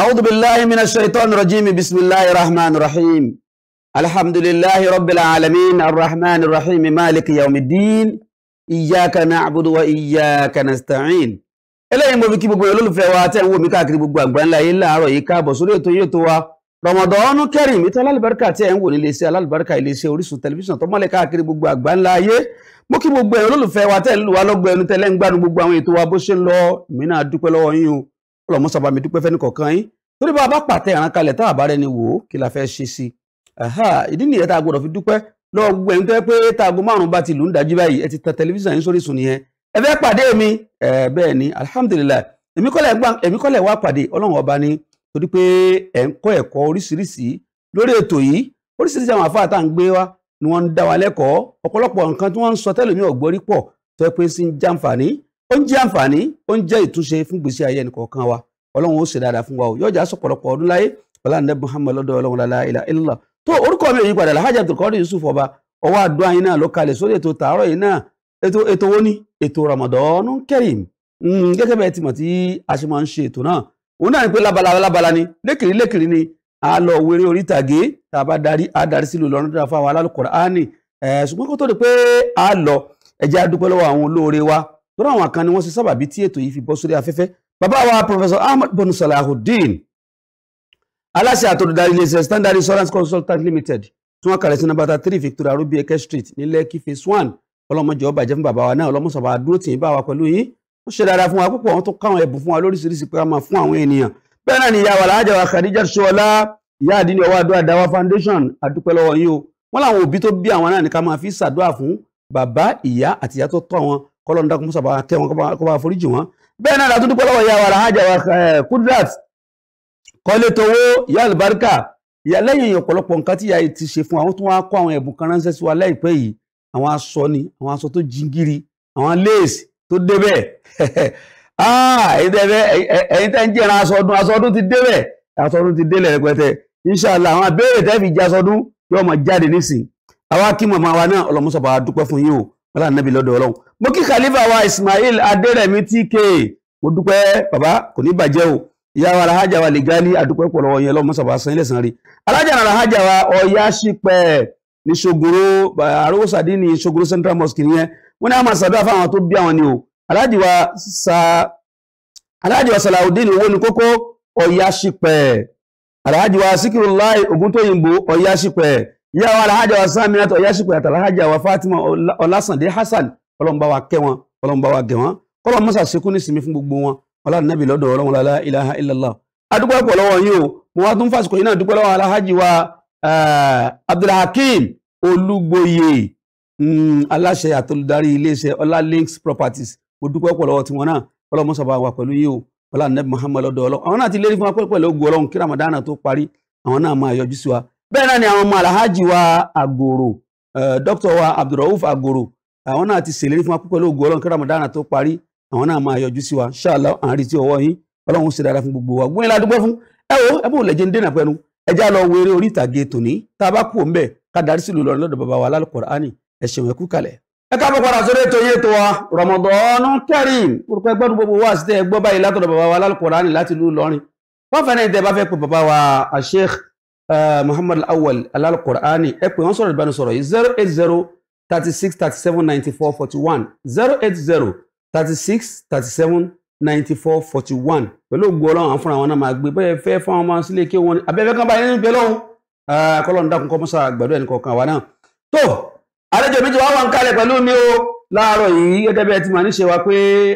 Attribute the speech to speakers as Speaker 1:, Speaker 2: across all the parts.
Speaker 1: أعوذ بالله من الشيطان الرجيم بسم الله الرحمن الرحيم الحمد لله رب العالمين الرحمن الرحيم مالك يوم الدين إياك نعبد وإياك نستعين eléyìí mo fi kí gbogbo olólùfẹ́ wa tẹ́ ń wò mí káàkiri gbogbo àgbáńlá yìí láàárọ̀ yìí káàbọ̀ sórí ètò yìí tó wa Ramadan Kareem ìtọ́ alálùbáríkà tẹ́ ń wò ní iléeṣẹ́ alálùbáríkà iléeṣẹ́ Orísun tẹlifíṣàn tó mọ́lẹ̀ káàkiri gbogbo àgbáńlá ayé mo kí gbogbo olólùfẹ́ wa tẹ́ ń lù wá lọ́gbọ̀ ẹnu tẹ́lẹ̀ ń gbádùn gbogbo àwọn ètò wa bó ṣe ń lọ mí náà dúpẹ́ lọ́wọ́ yín o ọlọ́mọ sábà mi dúpẹ́ fẹ́ni kọ̀ọ̀kan yín torí bá a bá pàtẹ ìran kalẹ̀ tá a bá rẹni wò ó kí la fẹ́ ṣe sí i ìdí nìyẹn tá a gbọdọ̀ fi dúpẹ́ lọ́wọ́ gbogbo ẹni tó yẹ pé táago márùn-ún bá ti lù ń dájú báyìí ẹ ti tan tẹlifíṣàn yín sórí sùn nìyẹn ẹ fẹ́ pàdé mi ẹ bẹ́ẹ̀ ni alihamudulilayi èmi kọ́lẹ̀ wá pàdé ọlọ́run ọba ni torí pé ẹ̀ ń kọ́ ẹ̀kọ́ oríṣiríṣi lórí ètò yìí oríṣiríṣi àwọn àfáà tá à ń gbé wá ni wọ́n ń dá wa lẹ́kọ̀ọ́ ọ̀pọ̀lọpọ̀ nǹkan tí wọ́n ń sọ tẹ́lẹ̀mí ọ̀gbọ́rí pọ̀ tó yẹ pé sí ń jàǹfààní ó ń jẹ́ àǹfààní ó ń jẹ́ ìtúnṣe fún gbèsè ayé ẹnìkọ̀ọ̀kan wa ọlọ́run ó ṣe dáadáa fún wa o yọjà sọ̀pọ̀lọpọ̀ ọdún láyé ọlọ́run muhammed lọ́dọ̀ ọlọ́run la ilaha illallah tó orúkọ mi yìí padà Alhaji Abdulkadir Yusuf ọba ọwọ́ àdúrà yín náà ló kalẹ̀ sórí ètò tààrọ̀ yìí náà ètò ètò wo ni ètò Ramadan Kareem hmm, gẹ́gẹ́ bẹ́ẹ̀ ti mọ̀ tí a ṣe máa ń ṣe ètò náà òun náà ni pé labala labala ni lékiri lékiri ni a lọ wéré orí tàgé tá a bá darí a darí sílùú lọ́dọ̀ àwọn kan ni wọ́n ṣe sábàbí tí ètò yìí fi bọ́ sórí afẹ́fẹ́ bàbá wa professor ahmed bonu salahuddin aláṣẹ àtòdòdarí iléeṣẹ́ standard insurance consultant limited tí wọ́n kàlẹ̀ sí nàbàtà three victoria rubi eke street ní lẹ́kì phase one ọlọ́mọjọ́ bàjẹ́ fún bàbá wa náà ọlọ́mọsọ̀bà dúró tì í bá wa pẹ̀lú yìí ó ṣe dáadáa fún wa púpọ̀ wọ́n tó káwọn ẹ̀bùn fún wa lóríṣiríṣi pé a máa fún àwọn ènìyàn bẹ́ẹ̀ náà ni ìyá wa làájà wa khadija ṣọlá ìyá àdínní ọwọ́ àdúrà dáwà foundation àdúpẹ́ lọ́wọ́ yín o wọ́n làwọn òbí tó bí àwọn náà ní ká máa fi ṣàdúrà fún bàbá ìyá àtìyá tó tọ́ wọn kọ́lọ́n dákun musa bá kẹ́ wọn kó bá foríjì wọn bẹ́ẹ̀ náà látún dúpọ́ lọ́wọ́ ìyá wa alhaja wa eh, Kudrat kọ́lé towó ìyá àlùbáríkà ìyá lẹ́yìn ọ̀pọ̀lọpọ̀ nǹkan tí ìyá yìí ti ṣe fún àwọn tó wá kó àwọn ẹ̀bùn kan ránṣẹ́ sí wa láìpẹ́ yìí àwọn aṣọ ni àwọn aṣọ tó jingiri àwọn lace tó débẹ̀ ah, ẹ̀yin tẹ́ ń jẹ́ran aṣọ ọdún aṣọ ọdún ti débẹ̀ aṣọ ọdún ti délẹ̀ rẹpẹtẹ inshallah àwọn abẹ́rẹ́ tẹ́ fi jẹ́ aṣọ ọdún yóò máa jáde nísìn àwa kí màmá wa náà ọlọ́mọṣọ́ dúpẹ́ fún yín o wọ́n ànábì lọ́dọ̀ ọlọ́run mo kí khalifa wa ismail adérẹ̀mí tk mo dúpẹ́ bàbá kò ní bàjẹ́ o ìyá wa alahajà wa lẹ́gálí àdúpẹ́ pọ̀ lọ́wọ́ yẹn lọ́mọ sọ̀bà sanyí lẹ́sàn rí alájà alahajà wa ọ̀yá ṣípẹ́ ní ṣogoro àrówó sàdí ní ṣogoro central mosque nìyẹn wọ́n ní a máa ṣàdúrà fáwọn tó bí àwọn ni o alájì wa sa alájì wa salaudeen owó ni kókó ọ̀yá ṣípẹ́ alájì wa sikirulayi oguntóyìnbó ọ̀yá ṣípẹ́ ìyá wa alhaja wa samina tó yasuku àti alhaja wa fatima ọlásàndé hasan ọlọ́mùbá wa kẹ́ wọn ọlọ́mùbá wa gẹ̀ wọn kọ́lọ́mù mọ́sà sekú ní sinmi fún gbogbo wọn ọlọ́run nàbì lọ́dọ̀ ọlọ́run la ilaha illallah adúgbò ẹ̀pọ̀ lọ́wọ́ yín o mo wá tún fàṣikò yín náà dúpẹ́ lọ́wọ́ alhaji wa abdulhakeem olúgbòye mm, aláṣẹ àtolúdarí iléeṣẹ́ ọlá links properties mo dúpẹ́ ẹ̀pọ̀ lọ́wọ́ tiwọn náà ọlọ́mọ sọ̀bà wà pẹ̀lú yín o ọlọ́run nàbì muhammad lọ́dọ̀ ọlọ́run àwọn náà ti lérí fún wa pẹ̀lú ògùn ọlọ́run kí ramadana tó parí àwọn náà wa bẹ́ẹ̀ náà ni àwọn ọmọ alhaji wa àgòrò eh, dókítà wa abdulrauf àgòrò àwọn náà ti ṣèlérí fún wa pẹ̀lú ògo ọlọ́run kí ramadana tó parí àwọn náà máa yọjú sí wa ṣáàlá à ń rí sí ọwọ́ yín ọlọ́run ṣe dára fún gbogbo wa gbóyin ládùúgbò fún ẹ wo ẹ bó lẹ̀jẹ̀ ń dènà pẹ́nu ẹ já lọ wo eré orí ìtàgé tòní tá a bá kú òǹbẹ̀ ká darí sí lòlọ́run lọ́dọ̀ bàbá wa lálùkùránì ẹ ṣeun ẹ kú kalẹ̀. ẹ káàbọ̀ padà sórí ètò yẹn tó wa Ramadan Kareem orúkọ ẹgbẹ́ ọdún gbogbo wa sí tẹ́ ẹ gbọ́ báyìí látọ̀dọ̀ bàbá wa lálùkùránì láti lù lọ́rin wọ́n fẹ́ràn ìtẹ́ bá fẹ́ pọ̀ bàbá wa Sheikh Eh, muhammad awal Qurani, ẹ pè wọ́n sọ̀rọ̀ ìbánisọ̀rọ̀ yìí zero eight zero thirty six thirty seven ninety four forty one zero eight zero thirty six thirty seven ninety four forty one pẹ̀lú ògbó ọlọ́run àwọn fúnra wọn náà máa gbé bẹ́ẹ̀ fẹ́ fún àwọn ọmọ sílé kí wọ́n abẹ́fẹ́ kan báyìí nínú ìpẹ́ lọ́hùn kọ́lọ́run eh, dákun kọ́ mọ́sá gbàdúrà ẹnì kọ̀ọ̀kan wa náà tó àlejò méjì wá wà ń kalẹ̀ pẹ̀lú mi o láàárọ̀ yìí gẹ́gẹ́ bí ẹ ti máa ń ṣe wa pé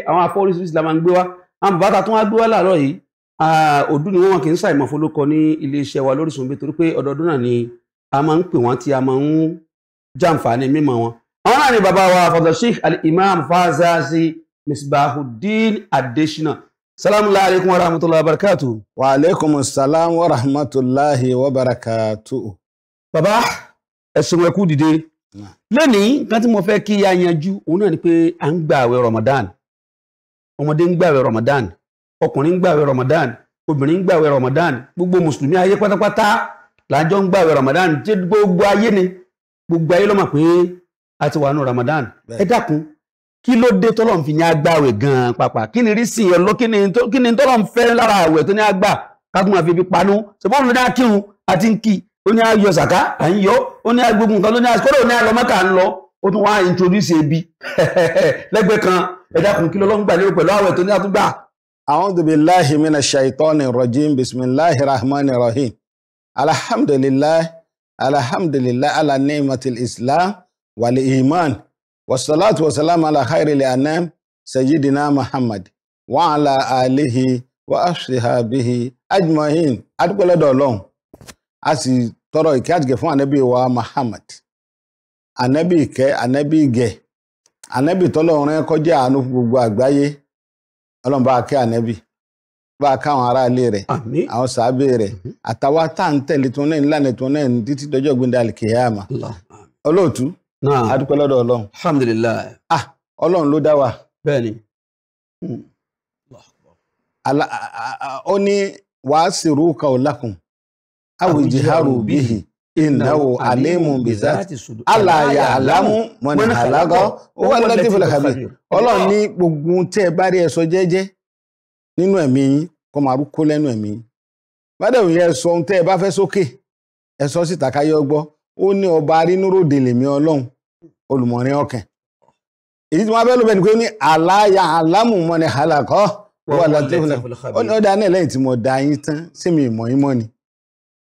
Speaker 1: àwọn afọ́rísìírísìí la máa ń gbé wa àwọn bàbá ta tún wá gbé wa láàárọ̀ yìí òdú ni wọ́n wà kí n ṣàìmọ̀ fọlọ́kọ ní iléeṣẹ́ wa lóríṣun bí torí pé ọdọọdún náà ni a máa ń pè wọ́n tí a máa ń jàǹfààní mímọ̀ wọn. àwọn náà ni bàbá wa fọdọ sheikh al-imam fazazi misbahuddin adesina
Speaker 2: salamu alaykum wa rahmatulahi wa barakatu. wa aleykum salaam wa rahmatulahi wa barakatu. bàbá ẹ̀sùn ẹ̀kú dìde lónìí kan tí mo fẹ́ kí a yanjú òun náà ni pé à ń gbààwẹ̀ ramadan
Speaker 1: ọmọdé ń gbààwẹ̀ ramadan ọkùnrin ń gbàwẹ̀ Ramadan obìnrin ń gbàwẹ̀ Ramadan gbogbo mùsùlùmí ayé pátápátá làjọ ń gbàwẹ̀ Ramadan tí gbogbo ayé ni gbogbo ayé ló mọ̀ pé a ti wà nù Ramadan ẹ dákun kí ló dé tọ́lọ́run fi ní agbáwẹ̀ gan-an pàpà kí ni rísì ẹ̀ lọ kí ni tọ́lọ́run fẹ́ lára àwẹ̀ tó ní agbá kátó máa fi fi panú ṣùgbọ́n òun ní akírun àti ń kí ó ní ayọ̀ sàká à ń yọ ó ní agbègbè
Speaker 2: nǹkan ló ní àkọ́dọ̀ ní alọ́mọ́kà ń lọ ó tún wá introduce ebi lẹ́gbẹ̀ẹ́ kan ẹ dákun kí lọ́lọ́run gbà lérò pẹ̀lú àwẹ̀ tó ní àtúgbà أعوذ بالله من الشيطان الرجيم بسم الله الرحمن الرحيم الحمد لله الحمد لله على نعمة الإسلام والإيمان والصلاة والسلام على خير الأنام سيدنا محمد وعلى آله وأصحابه أجمعين أدقل دولون أسي ترى ìkẹ́ àtìkẹ́ fún ànábì wa Muhammad ànábì ìkẹ́ ànábì ìgẹ̀ ànábì tọ́lọ́run ẹ̀kọ́ jẹ́ ọlọ́run bá kẹ́ ànẹ́bì bá káwọn rẹ̀ àwọn sàábé rẹ̀ mhm. àtàwọn táǹtẹ̀lẹ̀ tó náà ńlànà tó náà títí dọjọ́ gbẹ̀dẹ̀ àlìkèyàmà olóòtú adúpẹ́ lọ́dọ̀ ọlọ́run. alhamdulilayi. ah ọlọ́run ló dá wa. bẹ́ẹ̀ni. Hmm. ó ní wàá sì rúkà ọ̀làkùn إنه عليم بذات Allah ya'lamu man khalaqa huwa al-latiful khabir ọlọ́run ní gbogbo tẹ́ ẹ bá rí ẹ sọ jẹ́jẹ́ nínú ẹ̀mí yín kọ́ máa kó lẹ́nu ẹ̀mí yín bádẹ́wò yẹ sọ ó ní èyí tí ni pé ó ní Allah ya'lamu man khalaqa mo yín tán sí mi ìmọ̀ yín mọ́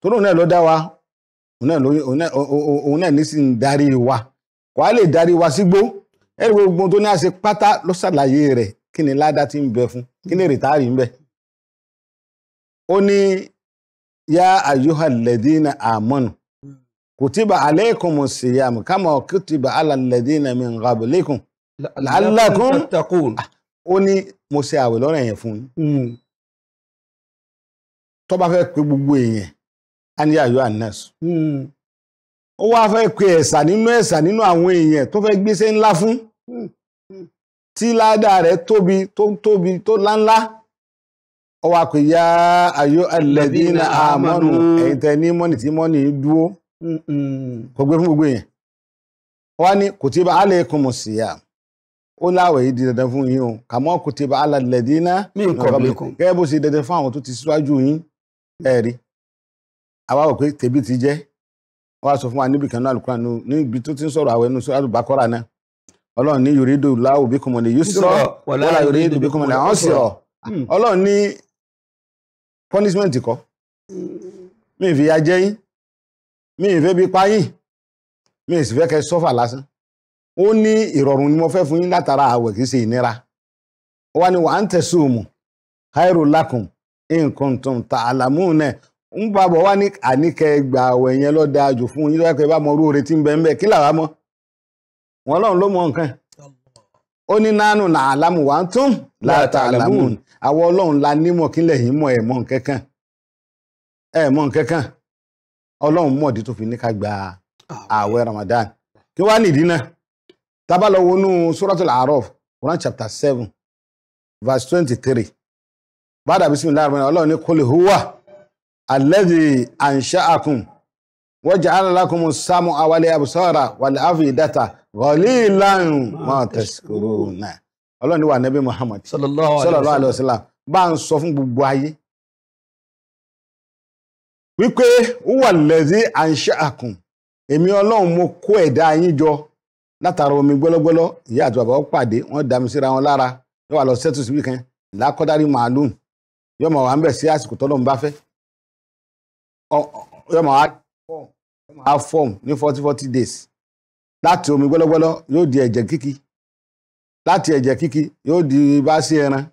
Speaker 2: tóró náà ló dá wa òun náà nísì ń darí wa kò á lè darí wa sígbó ẹ̀rí gbogbo tó ní àṣẹ pátá ló ṣàlàyé rẹ̀ kí ni ládá ti ń bẹ fún kí ni rìtáàrí ń bẹ. ó ní yá àyùhà lẹ́dínà àmọ́nù kùtìbà alaykum siyam kama kùtìbà alàlẹ́dínà min qablikum la'allakum tattaqun ah, ó ní mo ṣe àwẹ̀ lọ́rọ̀ yẹn fún yín. Hmm. tó fẹ́ pe gbogbo èèyàn á ní àyọ anas ó wá fẹ́ pe ẹ̀sà nínú ẹ̀sà nínú àwọn èèyàn tó fẹ́ gbéṣẹ́ ńlá fún hmm. Hmm. tí ládàá rẹ̀ tóbi tó tóbi tó láńlá ó wá pe yá àyọ alladina amanu hmm. ẹ̀yin tẹ ní mọ́nì tí mọ́nì dúró kò gbé fún gbogbo èèyàn wọ́n ní kutiba alaykumu ya ó láwẹ̀ yìí di dandan fún yín o kàmọ́ kutiba ala alladina min qablikum gẹ́gẹ́ bó ṣe dandan fún àwọn tó ti síwájú yín ẹ̀rí. àwa wò pé tèmi ti je wọ́n á sọ fún wa níbi kan náà tó ti ń sọ̀rọ̀ àwọn ẹnu sọ́dọ̀ bákọ́rà náà ọlọ́run ní yòrídò láwù bí kòmọ̀lẹ̀ yóò sọ a yòrídò bí kòmọ̀lẹ̀ àwọn sì ọ̀ ní punishment kọ́ mi fi ya je yín mi fi bi pa yín mi sì fe kẹ́ sọ́fà lásán ó ní ìrọ̀rùn ni mo fẹ́ fún yín látara àwẹ̀ kì í ṣe ìnira ó wá wà á ń tẹ̀sùn mù khairu lakum in kuntum ta'lamun náà ń babọ̀ wá ní àníkẹ́ gbà àwọ̀ yẹn ló fún yín lọ́pẹ́ bá orú oore tí ń bẹ ń bẹ kí làwa wọn lọ́run ló mọ nǹkan ó ní nánú nà álámù wà ń tún láta àlámù àwọn ọlọ́run la nímọ̀ kí lẹ́yìn mọ̀ ẹ̀ mọ̀ ọlọ́run mọ̀ tó fi ní ká gba Ramadan kí wàá nìdí náà Quran chapter seven verse twenty three ọlọ́run alẹ́dì àǹṣáàkùn wọ́jà alákùnmù sámú awalẹ̀ abusọ́ra wàlẹ̀ àfìdátà rọ̀lí ìlànà wọn tẹ̀síkòrò náà ọlọ́ni wà nẹ́bí Muhammad sallallahu alaihi wasallam bá ń sọ fún gbogbo ayé wípé wà lẹ́dì àǹṣáàkùn èmi ọlọ́run mo kó ẹ̀dá yín jọ látara omi gbọ́lọ́gbọ́lọ́ ìyá àti bàbá ó pàdé wọ́n dá mi síra wọn lára yóò wà lọ sẹ́tù síbí kan làákọ́dárí màálùú yóò mọ̀ wà ń bẹ̀ sí àsìkò tọ́lọ́run yóò máa fọ́ọ̀mù yóò a. fọ́ọ̀mù ní forty forty days láti omi gbọ́lọ́gbọ́lọ́ yóò di ẹ̀jẹ̀ kíkì láti ẹ̀jẹ̀ yóò di bá sí ẹran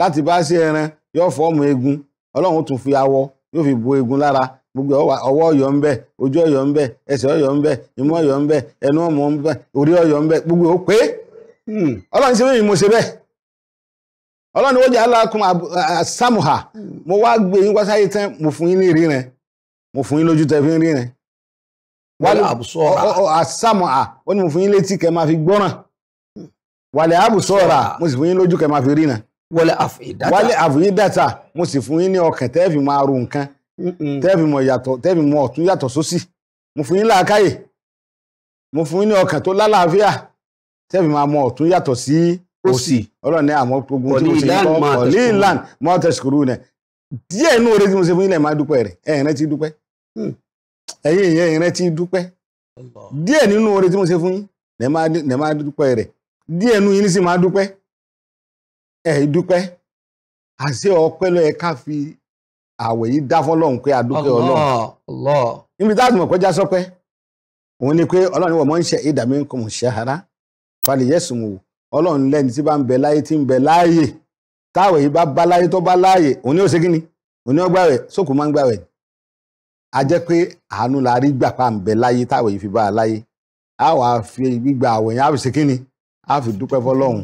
Speaker 2: láti bá sí ẹran yóò ọlọ́run tún fi awọ yóò fi bo eegun lára gbogbo ọwọ́ ọ̀yọ́ ń bẹ ojú ọ̀yọ́ ń bẹ ń bẹ imú gbogbo ó pé hmm. ọlọ́run ṣe bẹ́ẹ̀ mo ṣe bẹ́ẹ̀ ọlọ́run jẹ́ alákùn hmm. mo wá gbé yín mo fún yín lójú tẹ fi ń rírin wálé à ó ní mo fún yín létí kẹ máa fi gbọ́ràn wálé àbùsọ̀rà mo sì fún yín lójú kẹ máa fi ríran wálé àfìyí dàtà mo sì fún yín ní ọkàn tẹ́ fi máa ro nǹkan tẹ́ fi yàtọ̀ tẹ́ fi ọ̀tún yàtọ̀ sósì mo fún yín làákàyè mo fún yín ní ọkàn tó lálàáfíà tẹ́ fi máa ọ̀tún yàtọ̀ sí òsì ọlọ́run ní àmọ́ gbogbo tí mo ṣe ń kọ́ ọ̀lí ìlànà mọ́tẹ́sìkúrú nẹ̀ díẹ̀ inú oore tí mo ṣe fún yín lẹ́ẹ̀ máa dúpẹ́ rẹ̀ ẹ̀ rántí dúpẹ́. Eyi ìyẹn ìrántí dúpẹ́ díẹ̀ nínú oore tí mo ṣe fún yín nẹ máa dúpẹ́ rẹ̀ díẹ̀ nínú yín sì máa dúpẹ́ ẹ̀ dúpẹ́ àṣẹ fi àwẹ̀ yìí dá fọ́lọ́run pé a Ọlọ́run níbi tá a ti sọpẹ́ òun ni pé Ọlọ́run wọ̀ mọ́ ń ṣe ìdàmí nǹkan mọ̀ ṣe ara falẹ̀ yẹ̀sùn wò Ọlọ́run lẹ́ni tí bá ń bẹ láyé tí ń bẹ láàyè táwẹ̀ yìí bá bá láyé tó bá láàyè òun ni ó ṣe kí ni òun ni ó sókùn a jẹ́ pé àánú la rí gbà pa ń bẹ láyé táwọn yìí fi bá a láyé a wàá fi gbígba àwẹ̀ yẹn a fi ṣe ni a fi dúpẹ́ fọlọ́run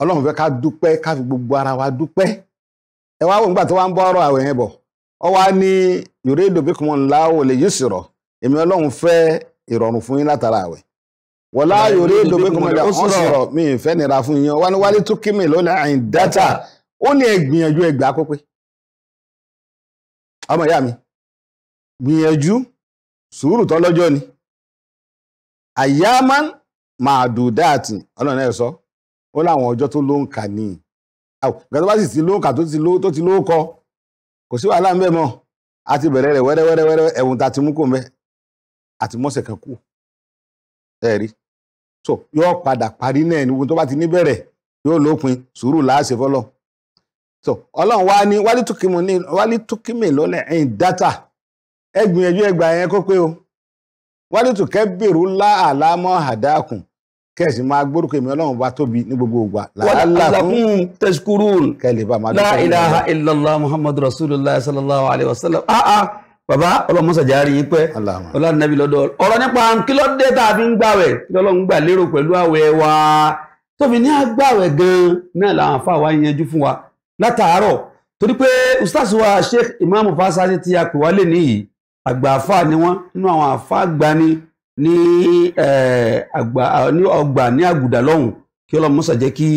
Speaker 2: ọlọ́run fẹ́ ká dúpẹ́ ká fi gbogbo ara wa dúpẹ́ ẹ wá wò nígbà tó wá ń bọ́ ọ̀rọ̀ àwẹ̀ yẹn bọ̀ ọ wá ní yòrè ìdòbí kan ńlá ò lè yí sọ̀rọ̀ èmi ọlọ́run fẹ́ ìrọ̀rùn fún yín látara àwẹ̀ wọlá yòrè ìdòbí kan ńlá ó sọ̀rọ̀ mi ìfẹ́ nira fún yín wá ní wálé tó kí mi lọ́lẹ̀ àyìn dátà ó mi gbìyànjú sùúrù tọ́lọ́jọ́ ni àyàmán máa dùn dáàtì ọlọ́run náà sọ ó láwọn ọjọ́ tó ló ń kà ní ìgbà tó bá sì ti ló ń kà tó ti ló kọ kò sí wàhálà ń bẹ̀ mọ́ a ti bẹ̀rẹ̀ rẹ̀ wẹ́rẹ́wẹ́rẹ́ ẹ̀wùn tá a ti mú kò mẹ́ àti mọ́sẹ̀ kan kù ẹ̀ rí so yóò padà parí náà ní ohun tó bá ti níbẹ̀rẹ̀ yóò lópin sùúrù láàṣẹ fọlọ́ so ọlọ́run wá ní wálé túkìmí lọ́lẹ̀ ẹ̀yìn dátà ẹ gbìyànjú ẹgbà yẹn kó pé o wádìí tó kẹ́bìrú lá àlámọ́ àdákùn kẹ́sì máa gbórúkọ èmi ọlọ́run bá tóbi ní gbogbo ògbà. làálàkùn tẹsíkúrún la ilaha
Speaker 1: illallah muhammadu rasulillah sallallahu alayhi wa sallam ah ah ọlọmọsà járe yín pẹ́ ọlànàbí lọ́dọ̀ ọ̀rọ̀ nípa kílódé tá a fi ń gbàwẹ̀ kí lọ́lọ́run gbà lérò pẹ̀lú àwẹ̀ wa tóbi ní àgbàwẹ̀ gan náà làwọn afáwa yanjú fún wa látàárọ̀ torí pé ustaz wa sheikh imam fasasi ti apè wálé nìyí àgbà àfà ni wọ́n nínú àwọn àfà àgbà ni ní àgbà ní ọgbà ní àgùdà lọ́hùn kí ọlọ́run mọ́sà jẹ́ kí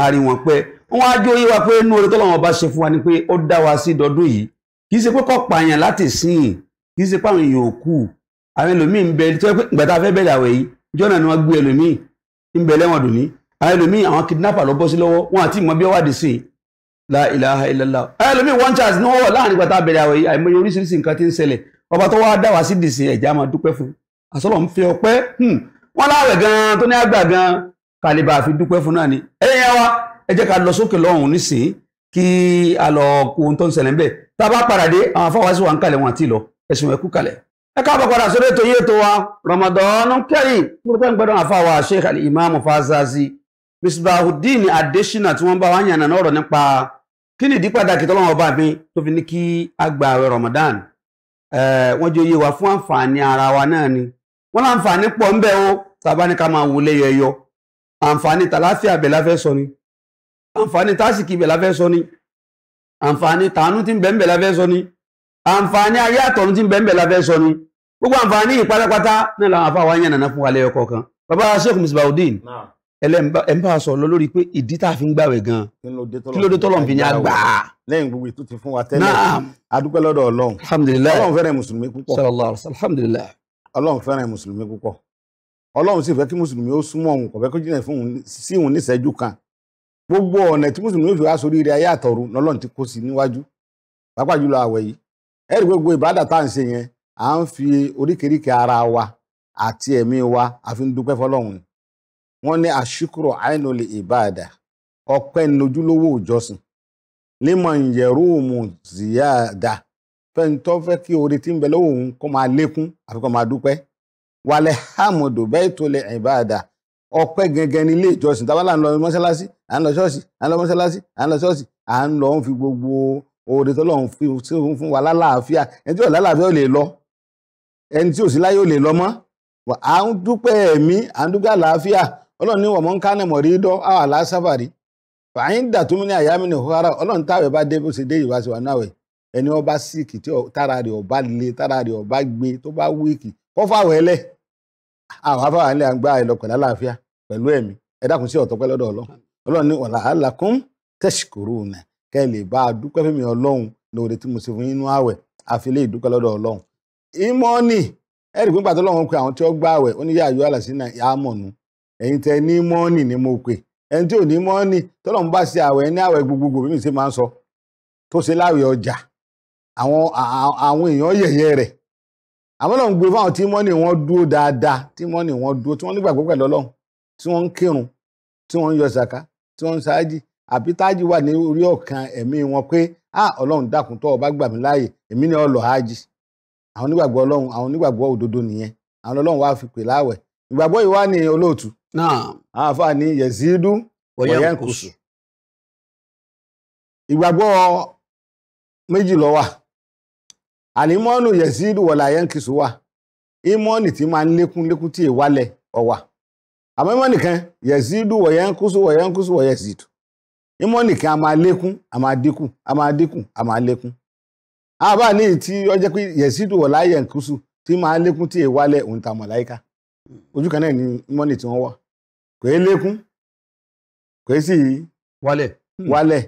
Speaker 1: àárín wọn pẹ́ wọ́n á jó yé wa pé inú oore tọ́lọ́wọ́n bá ṣe fún wa ni pé ó dá wa sí dọdún yìí kì í ṣe pé kọ́ pààyàn láti sìn kì í ṣe páwọn èèyàn ò kù àwọn ẹlòmíín ń bẹ tí wọ́n pé ìgbà tá a fẹ́ bẹ̀rẹ̀ àwẹ̀ yìí jọ́nà ni wọ́n gbé ẹlòmíín ń bẹ lẹ́wọ̀n dùn ní àwọn ẹlòmíín àwọn kidnapper ló bọ́ sí lọ́wọ́ wọn àti ìmọ̀ bí wà dé sìn la ilaha illallah àwọn ẹlòmíín one chance ni wọ́n wọ̀ láàrin ìgbà tá a bẹ̀rẹ̀ àwẹ̀ yìí àìmọye oríṣiríṣi nǹkan ti ń ṣẹlẹ̀ ọba tó wá dá si sí dìsìn ẹ̀já máa dúpẹ́ fún àsọ̀rọ̀ ń fi ọpẹ́ hmm, wọn láwẹ̀ gan tó ní àgbà gan kàlíbà fi dúpẹ́ fún náà ni ẹ̀yìn wa ẹ jẹ́ ká lọ sókè lọ́hùn nísìn kí a lọ kó ohun tó ń ṣẹlẹ̀ ń bẹ̀ tá a bá padà dé àwọn afáwá sí wa ń kalẹ̀ wọn àti ìlọ ẹ̀sùn ẹ̀kú kalẹ̀ ẹ káàbọ̀ padà sórí ètò yìí wa Ramadan Kareem gbọ́dọ̀ gbọ́dọ̀ àfáwà Sheikh Al-Imam Fazazi Misbahudeen Adesina tí wọ́n bá wá yànnà náà ọ̀rọ̀ nípa kí nìdí pàtàkì tọ́lọ́wọ́n ọba mi tó fi ní kí a gba Ramadan Eh, wọ́n jẹ́ oyè wa fún àǹfààní ara wa náà ni wọ́n láǹfààní pọ̀ ń bẹ o tàbá ní ká máa wò lẹ́yọ ẹyọ àǹfààní tàlàáfíà bẹ̀ láfẹ́ sọ ni àǹfààní tásìkì bẹ̀ láfẹ́ sọ ni àǹfààní tàánú tí ń bẹ̀ ń bẹ̀ láfẹ́ sọ ni àǹfààní ayé àtọ̀run tí ń bẹ̀ ń bẹ̀ láfẹ́ sọ ni gbogbo àǹfààní yìí náà làwọn afáwa yẹn nàná fún wa lẹ́yọ kọ̀ọ̀kan bàbá Sheikh Musbauddin ẹ ń bá sọ lọ lórí pé ìdí tá a fi ń gbàwẹ̀
Speaker 2: gan kí ló dé tọ́lọ̀ fi ní àgbà. lẹ́yìn gbogbo ètò ti fún wa tẹ́lẹ̀ adúpẹ́ lọ́dọ̀ ọlọ́run alhamdulilayi ọlọ́run fẹ́ràn mùsùlùmí púpọ̀ alhamdulilayi ọlọ́run fẹ́ràn mùsùlùmí púpọ̀ ọlọ́run sì fẹ́ kí mùsùlùmí ó súnmọ́ òun kò kó jìnnà sí òun níṣẹ́jú kan gbogbo ọ̀nà tí mùsùlùmí fi wá sórí ire ayé àtọ̀run lọ́lọ́run ti kó wọ́n ní àṣíkúrò àìnulè ìbáàdà ọpẹ́ nojúlówó ìjọsìn límọ̀ ìyẹ̀rùmù ziyada fẹ́ntọ́ fẹ́ kí orí tí ń bẹ lọ́wọ́ òun kó máa lékún àfi kó máa dúpẹ́ wàlẹ̀ hàmùdù bẹ́ẹ̀ tó lè ìbáàdà ọpẹ́ gẹ́gẹ́ ní ìjọsìn tábàlà à ń lọ mọ́ṣáláṣí à ń lọ ṣọ́ọ̀ṣì à ń lọ mọ́ṣáláṣí à ń lọ ṣọ́ọ̀ṣì à ń lọ fi gbogbo oore tó lọ́n fún wa lálàáfíà ẹni tí ò lálàáfíà ò lè lọ ẹni tí ò sí láyé ò lè lọ mọ́ à ń dúpẹ́ ẹ̀mí à ń dúpẹ́ àlàáfíà ọlọ́run ní wọ̀mọ́ ń kánà mọ̀rí dọ́ àlá sáfàrí fàáyín dàtú ní àyàmì ní ọ̀hára ọlọ́run táwẹ̀ bá dé bó ṣe dé ìwà síwá náà wẹ̀ ẹni ó bá síìkì tí tára rẹ̀ ó bá le tára rẹ̀ ó bá gbé tó bá wíìkì kọ́ fàwẹ̀ lẹ̀ àwọn afáwà ńlẹ̀ àgbà ìlọ́kọ̀ lálàáfíà pẹ̀lú ẹ̀mí ẹ dákun sí ọ̀tọ̀ pẹ́ lọ́dọ̀ ọlọ́run ọlọ́run ní ọ̀là àlàkùn tashkuruna kẹ́ ẹ̀yin tẹ ní mọ́ọ̀nì ni mo pè ẹni tí ò ní mọ́ọ̀nì tọ́lọ́mù bá ṣe àwẹ̀ ní àwẹ̀ gbogbogbò bí mi ṣe máa ń sọ tó ṣe láwẹ̀ ọjà àwọn àwọn èèyàn yẹ̀yẹ́ rẹ̀ àmọ́ lọ́n gbé fáwọn tí mọ́ọ̀nì wọn dúró dáadáa tí mọ́ọ̀nì wọn dúró tí wọ́n nígbàgbọ́ pẹ̀lú Ọlọ́run tí wọ́n ń kírun tí wọ́n ń yọ sàká tí wọ́n ń ṣáájì àbí tájì wà ní orí ọ̀kan ẹ̀mí wọn pé ah Ọlọ́run dákun tó o bá gbà mí láàyè èmi ni ọlọ́ hájì àwọn onígbàgbọ́ Ọlọ́run àwọn onígbàgbọ́ òdodo nìyẹn àwọn Ọlọ́run wá fi pè láwẹ̀ ìgbàgbọ́ yìí wá olóòtú àáfà ní yẹ̀zídú wọ̀yẹ́ǹkùsù ìgbàgbọ́ méjì ló wà ànímọ́nù yẹ̀zídú wọ̀láyẹ́ǹkùsù wà ìmọ́nì tí máa ń lékún lékún tí ìwálẹ̀ ọ̀wà àmọ́ ìmọ́nì kan yẹ̀zídú wọ̀yẹ́ǹkùsù wọ̀yẹ́ǹkùsù wọ̀yẹ́zídú ìmọ́nì kan a máa lékún a máa dínkù a máa dínkù a máa lékún àbá ní tí ó jẹ́ pé yẹ̀sídù wọ̀láyẹ̀ǹkùsù tí máa lékún tí ìwálẹ̀ òǹtàmọ̀láyíká ojú kan náà ni ìmọ́nì tí wọ́n wà kò é lékún kò sì wálẹ̀ hmm. wálẹ̀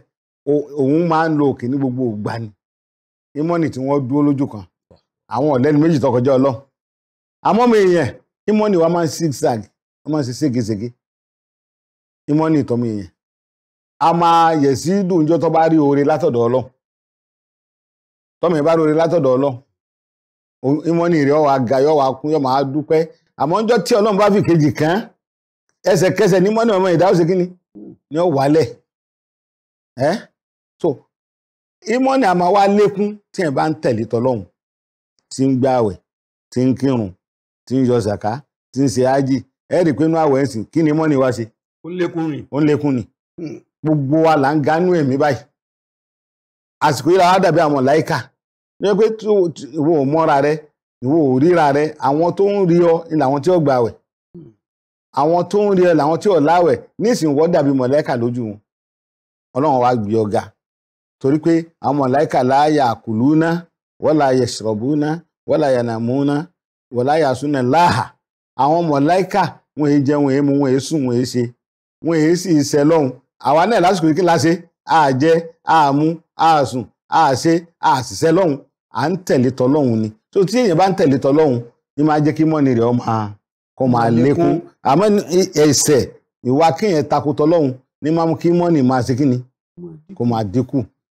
Speaker 2: òun máa ń lo òkè ní gbogbo ìgbà ni ìmọ̀nì tí wọ́n dúró lójú kan àwọn ọ̀lẹ́ni méjì tó ọlọ́ àmọ́ mi èèyàn ìmọ̀nì wa máa ń zigzag wọ́n máa ń ṣe ségesège ìmọ̀nì èèyàn a máa yẹ̀ sí tó bá rí oore látọ̀dọ̀ oore látọ̀dọ̀ ìmọ̀nì rẹ̀ ga yọ̀ kún yọ̀ máa dúpẹ́ àmọ́ tí ọlọ́run bá ẹsẹ̀kẹsẹ̀ ní mọ́nì ọmọ ìdáhùn sí kíni ni ó wálẹ̀ ẹ́ so ìmọ̀nì àmọ́ wá lékún tí ẹ̀ bá ń tẹ̀lé tọlọ́hun tí ń gbààwẹ̀ tí ń kírun tí ń yọ sàká tí ń ṣe ájì ẹ̀ rí pé inú àwẹ̀ ń sìn kí ni mọ́nì wá ṣe. ó ń lékún ni. ó ń lékún ni gbogbo wa là ń ganú ẹ̀mí báyìí àsìkò yìí làwọn dàbí àwọn láìka ní pé ìwọ mọ́ra rẹ ìwọ ò ríra rẹ àwọn tó ń rí ọ ni làwọn tí ó gbààwẹ̀ àwọn tó ń rí ẹ làwọn tí ò láwẹ̀ nísìnyí wọ́n dàbí mọ̀lẹ́kà lójú wọn ọlọ́run wá gbé ọ̀gá torí pé àwọn mọ̀lẹ́kà láàyè àkùlúná wọ́lá yẹ̀sọ̀bùná wọ́lá yànàmúná wọ́lá yàsúná láhà àwọn mọ̀lẹ́kà wọn èé jẹun èé mu wọn èé sùn wọn èé ṣe wọn èé sì ṣe lọ́hùn àwa náà lásìkò yìí kí la ṣe à jẹ à mu à sùn à ṣe à ṣiṣẹ́ lọ́hùn à ń tẹ̀lé tọ́lọ́hùn ni tó tí èèyàn bá ń tẹ̀lé tọ́lọ́hùn ni máa jẹ́ kí mọ́ni rẹ̀ ọ máa kó máa lékún àmọ́ ẹ̀ṣẹ̀ ìwà kéèyàn takùtọ̀ lọ́hùn ní máa mú kí mọ́nì máa ṣe kó máa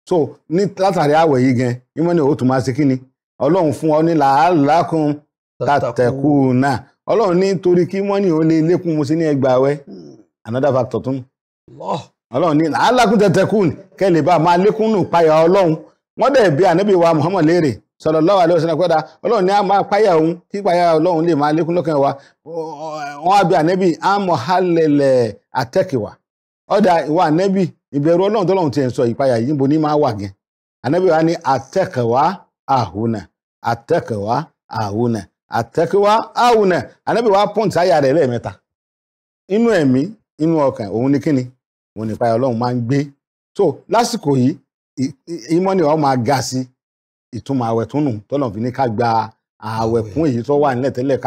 Speaker 2: so ní látàrí àwẹ̀ yìí gan ìmọ̀nì ó máa ṣe ọlọ́run fún ọ ní làálàákùn tàtẹ̀kù náà ọlọ́run ní torí kí mọ́nì ó lè lékún mo ṣe ní ẹgbàá wẹ́ another factor tún ọlọ́run ní làálàákùn tàtẹ̀kù kẹ́ ma máa nù ọlọ́run wọ́n dẹ̀ bí anabiwa Muhammad léèrè sallallahu alaihi wasallam pẹ́ẹ́dà ọlọ́run ní àmọ́ apáyà òun kí ìpáyà ọlọ́run lè máa lékún lọ́kàn wa wọ́n bi bí ànẹ́bì àmọ́ halẹ̀lẹ̀ àtẹ́kìwà ọ̀dà ìwà ànẹ́bì ìbẹ̀rù ọlọ́run tọ́lọ́run tiẹ̀ ń sọ ìpáyà yìí níbo ní máa wà gẹ́ ànẹ́bì wa ní àtẹ́kẹ̀wá àhùnà àtẹ́kẹ̀wá àhùnà àtẹ́kẹ̀wá àhùnà wa pọ́ǹtì inú ẹ̀mí inú ọkàn òun ni kíni òun so lásìkò yìí ìmọ̀ ni wọ́n ga sí ìtumọ̀ àwẹ̀ tún nù tọ́lọ́n fi ní ká gba àwẹ̀ kún èyí tó wà nílẹ̀ tẹ́lẹ̀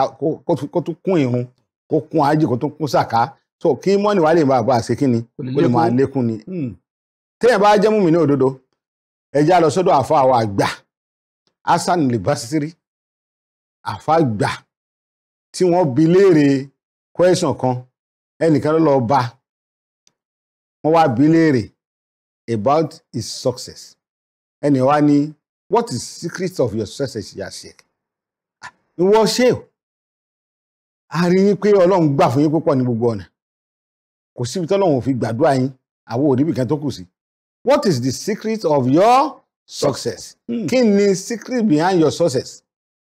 Speaker 2: kó tún kún ìrun kó kún ájì kó tún kún sàká so kí mọ́nì wà lè máa bá a ṣe kí ni ó lè máa lékún ni. Hmm. téèyàn bá jẹ́ mùmínì òdodo ẹja lọ sọ́dọ̀ àfa àwọn àgbà Hasan Al-Basri àfa àgbà tí wọ́n bi léèrè kwẹ́sàn kan ẹnìkan ló lọ bá wọ́n wá bi léèrè about his success ẹnì wa ní what is secret of your success yà ṣe ah, ìwọ ṣe o a rí i pé ọlọ́run gbà fún yín púpọ̀ ní gbogbo ọ̀nà kò síbi tọ́lọ́run ò fi gbàdúrà yín àwọn òrí ibìkan tó kù sí what is the secret of your success hmm. kí ni secret behind your success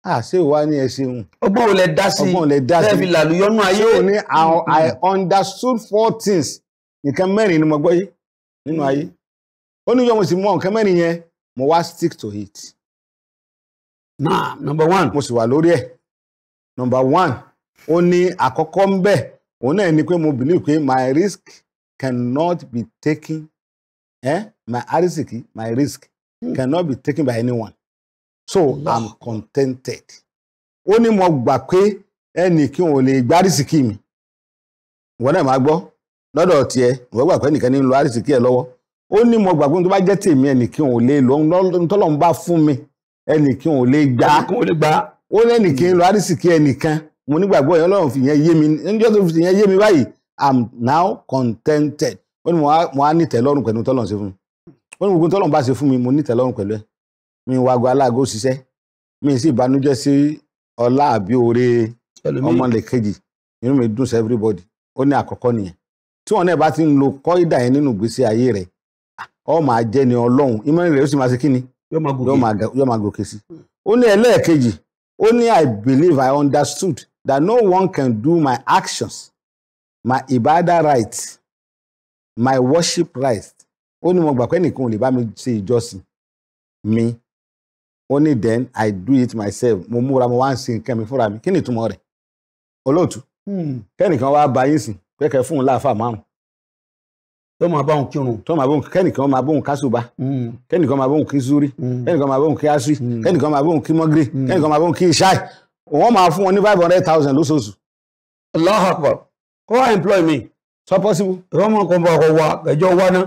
Speaker 2: a ṣe wá ní ẹ ṣeun ọgbọ́n ò lè dá sí ọgbọ́n ò lè dá sí tẹ́ẹ̀fì làlùyọ́nú ayé ṣé o ní hmm, hmm. I understood four things nǹkan mẹ́rin ni mo gbọ́ yé nínú ayé ó ní yọmọ sí mọ nǹkan mẹ́rin yẹn mo wa stick to it. na number one mo sì wà lórí ẹ̀ number one ó ní àkọ́kọ́ ń bẹ̀ òun náà ni pé mo believe pé my risk cannot be taken eh? my risk my risk hmm. cannot be taken by anyone so wow. Oh, i'm contented ó ní mo gbà pé ẹnì kí n ò lè gba rísíkì mi wọn náà máa gbọ́ lọ́dọ̀ tiẹ̀ ìwọ gbà pé ẹnìkan ní ń lo rísíkì ẹ lọ́wọ́ ó ní mo gbàgbọ́ tó bá jẹ́ tèmi ẹnìkan ò lè lọ tọ́lọ́run bá fún mi ẹnìkan ò lè gbà ó lẹ́nìkan lọ àrísìkí ẹnìkan mo nígbàgbọ́ yẹn ọlọ́run fi yẹn yé mi níjọ́ tó fi yẹn yé mi báyìí i'm now contented ó ní mo á nìtẹ̀ lọ́rùn pẹ̀lú tọ́lọ́run ṣe fún mi ó ní gbogbo tọ́lọ́run bá ṣe fún mi mo nìtẹ̀ lọ́rùn pẹ̀lú ẹ̀ mi wá aago aláàgó ṣiṣẹ́ mi sì ìbànújẹ́ sí ọlá àbí oore ọmọlẹ̀kejì inú mi dùn sí everybody ó ní àkọ́kọ́ nìyẹn tí wọn náà bá ti ń lo kọ́ídà yẹn nínú ìgbésí ayé rẹ̀ ọ máa jẹ́ ni ọlọ́run ìmọ̀ni rẹ̀ ó sì máa ṣe kíni yóò máa gòkè sí. ó ní ẹlẹ́ẹ̀kejì ó ní i believe i understood that no one can do my actions my ibada right my worship right ó ní mo gbà pé nìkan ò lè bá mi ṣe ìjọsìn mi ó ní then i do it myself mo múra mo wá ń ṣe nǹkan mi fúnra mi kí ni ìtumọ̀ rẹ̀ olóòtú hmm. kẹ́nìkan wá bá yín sìn kẹ́kẹ́ fún un láàfà márùn tó máa bá òun kírun. tó máa bá òun kẹ́nìkan máa bá òun kásùbà hmm. kẹ́nìkan máa bá òun kí zuri hmm. kẹ́nìkan máa bá òun kí asri hmm. kẹ́nìkan máa bá òun kí mọ́gírì kẹ́nìkan máa bá òun kí ishai wọ́n máa fún wọn ní five hundred thousand lóṣooṣù. Allahu Akbar kó wá employ me. so possible. ìrọ́mọ̀ kan bá ọkọ̀ ah, wa ẹjọ́ wa náà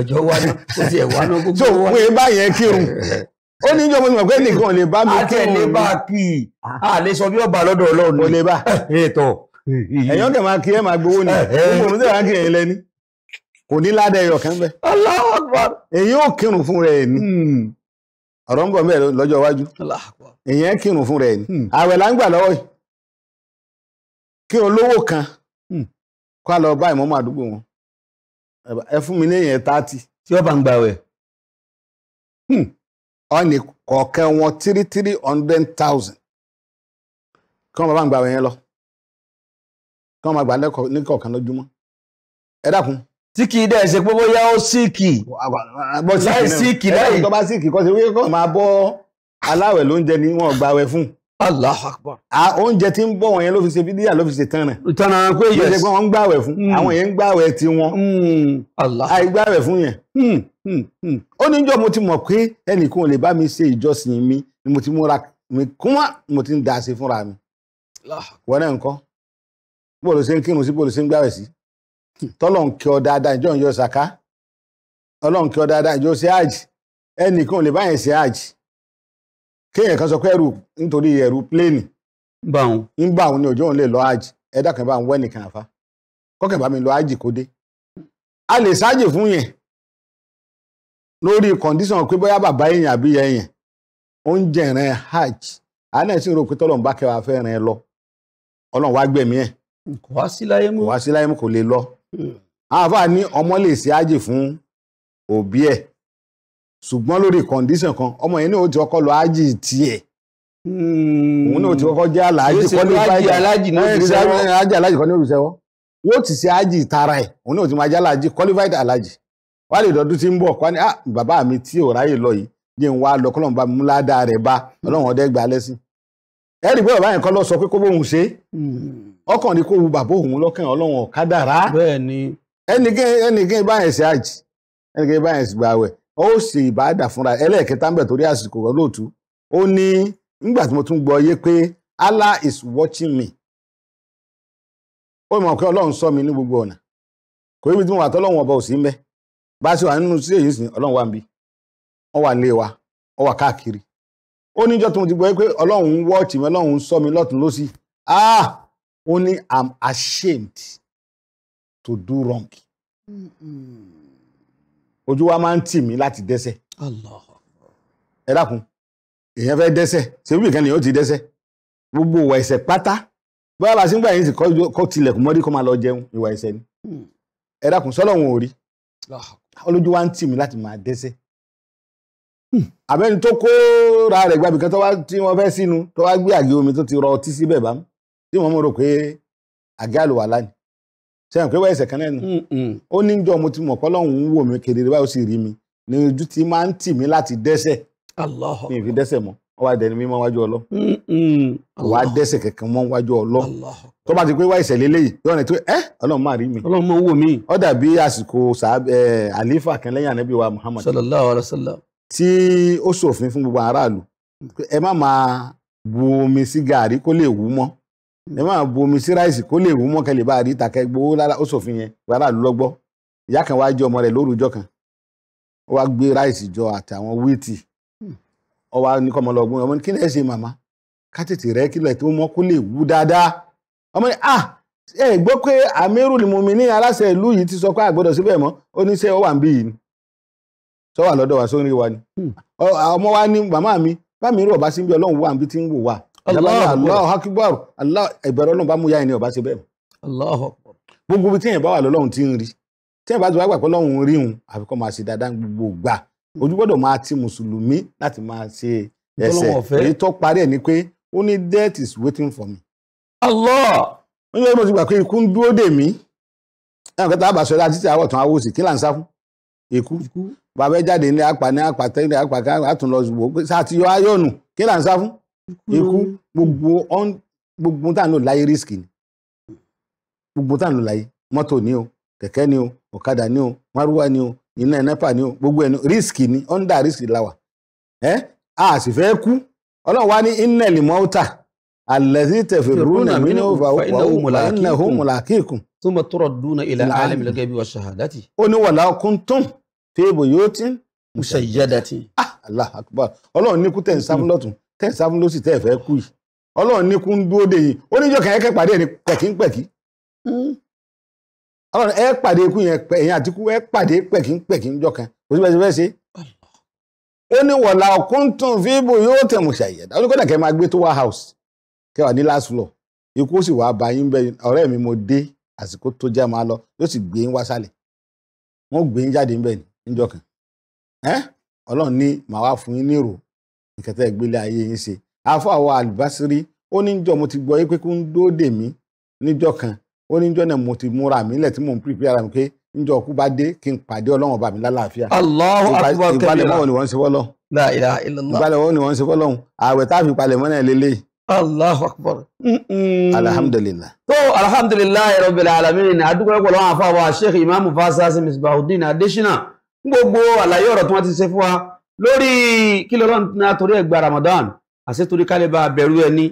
Speaker 2: ẹjọ́ wa náà kó tiẹ̀ wa náà gbogbo wa. so wọ́n bá yẹn kírun ó ní ìjọba ìmọ̀ pé nìkan lè bá mi kírun. àtẹ̀lé bá kì ah. ni. ó lè bá. ètò eh, eh, ẹ̀yọ́kẹ̀ máa kí ẹ máa gbowó ni. Eh, gbogbo òun sì máa kí ẹ̀yìn lẹ́ni. kò ní ládẹ́ ẹyọ kan bẹ́ẹ̀. èyí ò kírun fún rẹ̀ ni hmm. ọ̀rọ̀ ń bọ̀ mẹ́rin lọ́jọ́ iwájú èyí ẹ̀ kírun fún rẹ̀ ni hmm. àwẹ̀ là kan hmm. kó a lọ bá ìmọ̀mọ́ àdúgbò wọn ẹ fún mi tààtì. tí ó bá ń gbà wẹ̀. ọ̀nì kọ̀ọ̀kan wọn tírí tírí hundred thousand kí wọ́n bá ń gbà tí kì í dẹ̀ ṣe pé bóyá ó síìkì láì síìkì láì. ẹ̀rọ tó bá síìkì kọ́ sí wíwé kọ́ máa bọ́ aláwẹ̀ lóúnjẹ ni wọ́n gba awẹ fún. Allahu Akbar. oúnjẹ tí ń bọ̀ wọ̀n yẹn ló fi ṣe bídíà ló fi ṣe tán rẹ̀. ìtàn àwọn pé yẹs. ìṣègùn wọn ń gbàwẹ̀ fún hmm. àwọn yẹn ń gbàwẹ̀ ti wọn. àìgbàwẹ̀ hmm. fún yẹn. Hmm, ó ní jọ́ mo ti mọ̀ pé ẹnìkan ò lè bá mi ṣe ìjọsìn mi ni mo ti múra mi kún wá mo ti ń da ṣe fúnra mi. wọ́n náà ń kọ́ bó tọ́lọ̀ nke kí àdá dáadáa ìjọ ìyọ ṣàká tọ́lọ̀ ń ìjọ ṣe àjì ẹnìkan ò lè báyẹn ṣe àjì kéèyàn kan sọ pé ẹrù nítorí ẹrù pléènì ń ní òjò òun lè lọ àjì ẹ̀dá kan bá ń wẹ́ nìkan àfa kọ́kẹ́ bá mi lọ àjì kó dé a lè ṣáàjì fún yẹn lórí kọ̀ǹdíṣàn pé bóyá bàbá àáfàá ní ọmọ lè ṣe ájì fún òbí ẹ̀ ṣùgbọ́n lórí kọ̀ǹdíṣàn kan ọmọ yẹn náà ó ti kọ́kọ́ lọ ájì tiẹ̀ òun náà ó ti kọ́kọ́ jẹ́ aláàjì kọ́ ní báyìí aláàjì náà ti sẹ́wọ́ aláàjì aláàjì kọ́ ní òbí sẹ́wọ́ wọ́n ti ṣe ájì tara ẹ̀ òun náà ó ti máa jẹ́ aláàjì qualified aláàjì wá lè dọdún tí ń bọ̀ kwani ah bàbá mi tí ò ráyè lọ yìí jẹ́ ń wá lọ kọ́lọ́n bá mú ládàá rẹ̀ bá ọlọ́run ọdẹ gbà lẹ́sìn ẹ̀rí bọ́ọ̀ báyìí kọ́ lọ sọ pé kó bóun ṣe hmm. ọkàn ni kó wu bàbá òun lọ́kàn ọlọ́run ọ̀kadàrá ẹnìkan ẹnìkan báyìí ṣe àjì ẹnìkan báyìí ṣe gbàwẹ̀ ó sì ìbáàdà fúnra ẹlẹ́ẹ̀kẹta ń bẹ̀ torí àsìkò lóòtú ó ní nígbà tí mo tún gbọ́ yé pé Allah is watching me ó mọ̀ pé mi ní gbogbo ọ̀nà kò tí mo ọba ò sí ń bá a ṣe wà nínú sí èyí sìn ọlọ́run wà ń wa wọ́n ó níjọ́ tí mo ti gbọ́ pé ọlọ́run ń wọ́ọ̀tì mi sọ mi lọ́tún lọ́sí ah ó ní i'm ashamed to do wrong ojú wa máa ń tì mí láti dẹ́sẹ̀ ẹ dákun èèyàn fẹ́ dẹ́sẹ̀ ṣèbí nìkan nìyẹn ó ti dẹ́sẹ̀ gbogbo ìwà ẹ̀ṣẹ̀ pátá bóyá bá a ṣe ń gbà yín sí kó tilẹ̀kùn mọ́rí kó máa lọ jẹun ìwà ẹ̀ṣẹ̀ ni hmm. ẹ dákun sọ́lọ́run ò rí ọlójú wa ń tì mí láti máa dẹ́sẹ̀ àbẹ́ni tó kó ra rẹ̀ gbàbí kan tí wọ́n fẹ́ sínú tó wá gbé àgé omi tó ti rọ ọtí síbẹ̀ bá mú tí wọ́n mọ̀ rò pé àgé àlùwàlá ni sẹ́yìn pé wọ́n ẹsẹ̀ kan náà nù. Mm, mm. ó ní jọ mo ti mọ̀ pé Ọlọ́run ń wò mí kedere báyìí ó sì rí mi ní ojú tí máa ń tì mí láti dẹ́sẹ̀ mi ì fi dẹ́sẹ̀ mọ́ wọ́n wá dẹni mímọ́ wájú ọlọ́ mm, wà á dẹ́sẹ̀ kankan mọ́ wájú ọlọ́ tó bá ti pé wá ìṣẹ̀lẹ̀ eléyìí yóò rìn tó ẹ́ Ọlọ́run máa rí mi Ọlọ́run máa wò mí. ó dàbí àsìkò eh, àlífà kan lẹ́yìn ànábì Muhammad sallallahu alaihi wa sallam tí ó ṣòfin fún gbogbo aráàlú ẹ má máa bu omi sí gàárì kó lè wú mọ́ ẹ má bu omi sí ráìsì kó lè wú mọ́ kẹlẹ bá rí ìtàkẹ gbowó lára ó ṣòfin yẹn aráàlú lọgbọ ìyá kan wáá jẹ ọmọ rẹ̀ lórúkọ kan ó wá gbé ráìsì jọ àtàwọn wíìtì ó wá ní kọmọ lọgbọn ọmọ ní kí ni ẹ ṣe màmá ká tètè rẹ kílẹ̀ tó mọ́ kó lè wú dáadáa ọmọ ní à ah! ẹ gbọ́ pé amérù ni mo mi ní aláṣẹ ìlú yìí ti sọ pé àgbọ́dọ̀ síbẹ̀ mọ́ ó ní sẹ́ ọ wà ń bí yìí ni sọ wà lọ́dọ̀ wa sórí wa ni hmm. ọmọ wa ni màmá mi bámi rí ọba sí bí ọlọ́run wà níbi tí ń wò wá Allahu Akbar Allah ìbẹ̀rẹ̀ ọlọ́run bá mú ya ẹni ọba ṣe bẹ́ẹ̀ gbogbo ibi tí èèyàn bá wà lọ́lọ́run ti ń rí tí èèyàn bá ti wá gbà pé ọlọ́run rí òun àfi máa ṣe dáadáa gbogbo gbà hmm. ojú gbọ́dọ̀ máa ti mùsùlùmí láti máa ṣe ẹsẹ̀ èyí tó parí ẹ̀ ni pé ó ní death is waiting for me. Allah wọ́n yóò mọ̀ sí gbà pé ikú ń dúró dè mí ẹ̀rọ kẹta àbàṣọ́lá títí àwọ̀ tán awó sí kí là ń sá èkú kú bàbá jáde ní apá ní apá tẹ́lẹ̀ apá ká àtúnlọ wò pé sàtìyọ ayọ̀nù kí là ń sá fún èkú gbogbo gbogbo tá à ń lò láyé risk ni gbogbo tá à ń lò láyé mọ́tò ni o kẹ̀kẹ́ ni o ọ̀kadà ni o márúwá ni o iná ẹ̀nẹ́pà ni o gbogbo ẹ̀ ni risk ni under risk làwà ẹ́ a sì fẹ́ kú ọlọ́run wá ní inel mọ́tà alẹ́ sí tẹ̀fẹ̀ rúnà mí ní òfà wà ó mọ̀lá kíkùn thumma turadduna ila alimil
Speaker 1: ghaibi wa shahadati.
Speaker 2: ó ní dati. kuntum fi buyutin mushayyadati. Ah! allah akbar ọlọ́run ní kú tẹ̀ ń sáfún lọ́tún tẹ̀ ń sáfún lọ́sì tẹ̀ fẹ́ kú yìí ọlọ́run ní kú ń dúró dé yìí ó níjọ́ pàdé ẹni hmm. ẹ pàdé ikú yẹn ẹ̀yìn àtikú ẹ pàdé ó ní wọ̀lá àsìkò tó já máa lọ yóò sì gbé yín wá sálẹ̀ wọ́n gbé yín jáde ńbẹ̀ níjọ́ kan ẹ́ ọlọ́run ní màá wá fún yín ní ìrò ìkẹtẹ́ ìgbélé ayé yín ṣe àfọ àwọn àlùbásírí ó ní jọ mo ti gbọ́ yí pé kó ń dó dè mí níjọ́ ó ní jọ náà mo ti múra mi lẹ̀ tí mò ń pèpè ara mi pé níjọ́ ọkú bá dé kí n pàdé ọlọ́run ọba mi lálàáfíà. ìgbàlẹ̀ mọ́ ni wọ́n ń ṣe fọ́lọ́hún. La ìgbàlẹ̀ mọ́ ni wọ́n ń ṣe fọ́lọ́hún ààwẹ̀ tá a fi palẹ̀ mọ́ náà lélẹ́yìí Allahu akbar. Alhamdulillah. Tó
Speaker 1: alhamdulillah rabbil alamin adúgbò pẹ̀lú àwọn àfáwà Sheikh Imam Fasasi Misbahuddin Adesina gbogbo àlàyé ọ̀rọ̀ tí wọ́n ti ṣe fún wa lórí kí lọ́lọ́run ní àtòrí ẹ̀gbà Ramadan àṣẹ torí kálíbà bẹ̀rù ẹni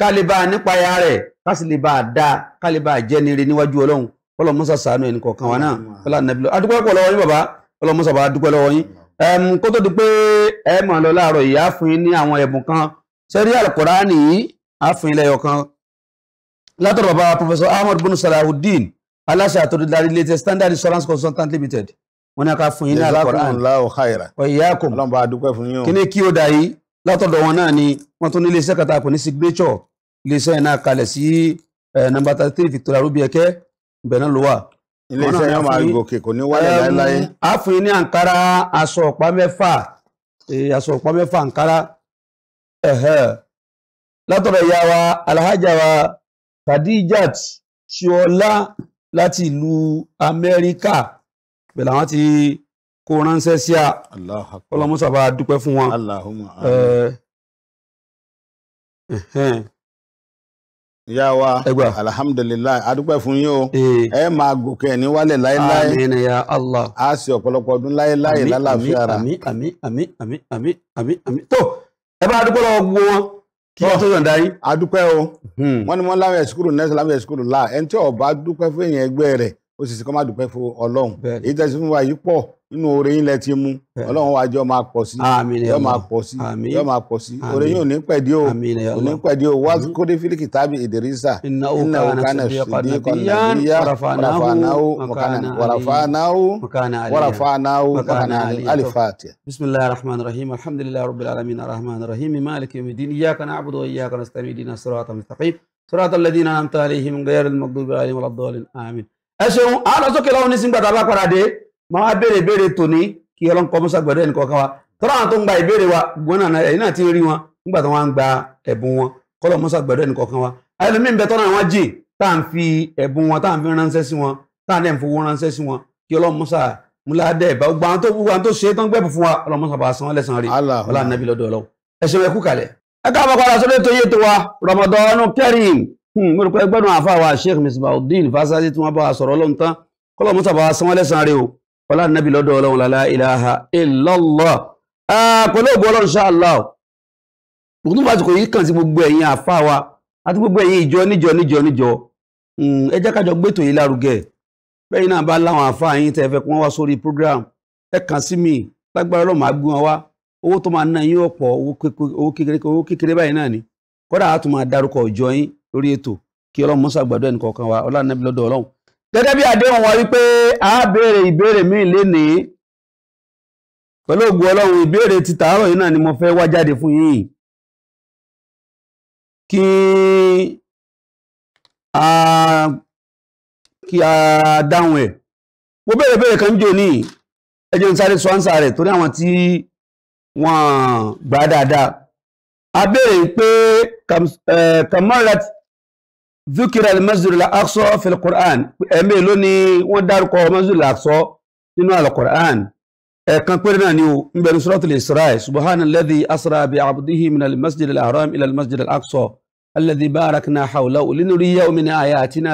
Speaker 1: kálíbà nípa ya rẹ̀ kásìlíbà dá kálíbà jẹ́nire níwájú Ọlọ́run Ọlọ́run mọ́sà sànú ẹnì kọ̀ọ̀kan wa náà Ọlọ́run nàbílò adúgbò pẹ̀lú ọwọ́ yín bàbá Ọlọ́run mọ́sà bá adúgbò lọ́wọ́ yín kó di pé ẹ lọ láàárọ̀ ìyá fún yín ní àwọn ẹ̀bùn kan sẹ́rí alkùránì yìí àfin ilẹ̀ ọ̀kan látọ̀rọ̀ bàbá professor ahmed bin salahuddin aláṣẹ àtòdìdarí latest standard insurance consultant limited wọn ni a ka fún yín ní alkùránì
Speaker 2: ọ̀yẹ́kùn kíní kí ó dà yìí
Speaker 1: látọ̀dọ̀ wọn náà ni wọ́n tún ní iléeṣẹ́ kata kò ní signature iléeṣẹ́ náà kalẹ̀ sí nọ́mbà thirty three victoria rubi ẹ̀kẹ́ ibẹ̀ iléeṣẹ́ yẹn máa
Speaker 2: gòkè kò ní wáyé láéláé.
Speaker 1: a ní àǹkárá aṣọ ọ̀pá mẹ́fà aṣọ ọ̀pá mẹ́fà àǹkárá látọ̀dọ̀ ìyá wa alhaja wa khadijat ṣọlá láti ìlú amẹ́ríkà pẹ̀lú àwọn tí
Speaker 2: kó ránṣẹ́ sí à ọlọ́mọ́sà bá dúpẹ́ fún wọn. ìyá wa alhamdulilayi adúpẹ́ fún yín o ẹ máa gòkè ẹ̀ ní wálẹ̀ láéláé àmín Allah á sì ọ̀pọ̀lọpọ̀ ọdún láéláé lálàáfíà rà. àmín àmín àmín àmín àmín àmín àmín tó ẹ bá dúpẹ́ lọ́wọ́ gbogbo wọn kí wọ́n tó yọ̀ǹda yín. a dúpẹ́ o hmm. wọ́n ní wọ́n láwọn ẹ̀sìkúrò nẹ́sì láwọn ẹ̀sìkúrò là ẹni tí ó dúpẹ́ fún èèyàn ẹgbẹ́ rẹ̀ ó sì sì kọ́ máa dúpẹ́ fún ọlọ́run èyí tẹ̀sí fún wa yìí pọ̀ nínú oore yín lẹ ti mú ọlọ́run wa jọ máa pọ̀ sí yọ máa pọ̀ sí yọ máa pọ̀ sí oore yín ò ní pẹ̀dí o si si ko ma dupe fun olorun eyi tesi fun wa yi po ninu ore yin le ti mu olohun wa jo ma po si yo ma po si yo ma po si ore yin o wáá kóde fílíkì tàbí wa ko de fili idrisa ìdírísà iná òkàna ṣùdí kọ̀nàbíyá wàràfàánáwó wàràfàánáwó
Speaker 1: wàràfàánáwó alif alifatiya. bismillahir rahmanir rahim alhamdulillahi rabbil alamin arrahmanir rahim maliki yawmiddin iyyaka na'budu wa iyyaka nasta'in ihdinas siratal mustaqim siratal ladina anamta alaihim ghayril maghdubi alaihim waladdallin amin. ẹ ṣeun àádọ́sókè lọ́wọ́ ní síngbàtà bá padà dé máa béèrè béèrè tòní kí ọlọ́n kọ́ mọ́sá gbọ́dọ̀ ẹnì kọ̀ọ̀kan wa tọ́lá àwọn tó ń gba ìbéèrè wa gbọ́nà náà ẹ̀yìn náà ti rí wọn nígbà tí wọ́n ń gba ẹ̀bùn wọn kọ́lọ̀ mọ́sá gbọ́dọ̀ ẹnì kọ̀ọ̀kan wa ẹlòmíì ń bẹ tọ́lá wọn jìn tá à ń fi ẹ̀bùn wọn tá à ń fi ránṣẹ́ sí wọn tá à ń fowó ránṣẹ́ sí wọn kí ọlọ́n mọ́sá múládẹ́ ìbá gbogbo àwọn tó gbogbo àwọn tó ṣe tán gbẹ̀bù fún wa ọlọ́n mọ́sá bá san lẹ́sàn rí ọlá Hmm, mo rò pé gbọ́dọ̀ àfàwà sheikh misbahudeen fásitì tí wọ́n bá sọ̀rọ̀ ọlọ́run tán kọ́lọ̀ mọ́tà bá sanwó lẹ́sàn-án rẹ̀ o ọlá nàbí lọ́dọ̀ ọlọ́run lálá ilaha illallah pẹ̀lú ògbó ọlọ́run ṣáàlá o gbogbo bá ti kò yí kàn sí gbogbo ẹ̀yin àfàwà àti gbogbo ẹ̀yin ìjọ níjọ níjọ níjọ hmm, ẹ jẹ́ kájọ gbé tòyí lárugẹ bẹ́yìn náà bá láwọn àfà yín tẹ́ fẹ́ kí wọ́n wá sórí program ẹ kàn sí mi lágbára ọlọ́run máa gbé wọn wá owó tó máa ná yín ọ̀pọ̀ owó kékeré báyìí náà ni kọ́dà á tún máa darúkọ ọjọ́ yín lórí ètò kí ọlọ́run mọ́sá gbàdúrà ẹnì kọ̀ọ̀kan wa ọlá nàbí lọ́dọ̀ ọlọ́run gẹ́gẹ́ bí àdéhùn wọn wípé a béèrè ìbéèrè míì lénìí pẹ̀lú ògùn ọlọ́run ìbéèrè ti tàárọ̀ yìí náà ni mo fẹ́ wá jáde fún yín
Speaker 2: kí a kí a dáhùn ẹ̀ mo béèrè béèrè kan jò ní
Speaker 1: ẹ jẹ́ n sáré sọ ánsà rẹ̀ torí àwọn tí wọ́n gbà dáadáa a béèrè pé eh, kamarat dúkìrà masjidul aqsa fil quran ẹ̀mí ló ni wọ́n dárúkọ masjidul aqsa nínú al-quran ẹ̀kan péré náà ni ó ń bẹ̀rù suratul isra'i subhanalladhi asra bi abdihi min al-masjid al-haram ila al-masjid al-aqsa alladhi barakna hawlahu linuriyahu min ayatina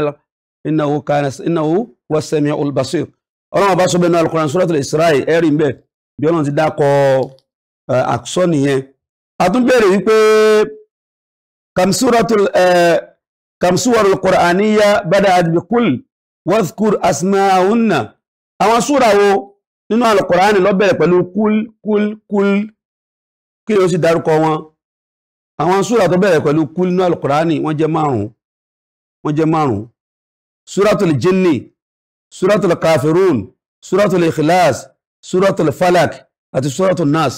Speaker 1: innahu kana innahu huwa sami'ul basir ọlọ́run ọba sọ́bẹ̀ náà al-quran suratul isra'i ẹ̀rí ń bẹ̀ bí ọlọ́run ti dákọ aqsa nìyẹn a tún bẹ̀rẹ̀ wípé kam suratul kam súwọ̀rù al-Qur'aniyya bada adbikul wadhkur asma'ahunna àwọn súra wo nínú al-Qur'ani ló bẹ̀rẹ̀ pẹ̀lú kúl kúl kúl kí ni ó sì dárúkọ wọn àwọn súra tó bẹ̀rẹ̀ pẹ̀lú kúl nínú al-Qur'ani wọ́n jẹ́ márùn-ún wọ́n jẹ́ márùn-ún súratul jinni súratul kafirun súratul ikhlas súratul falak àti súratul nas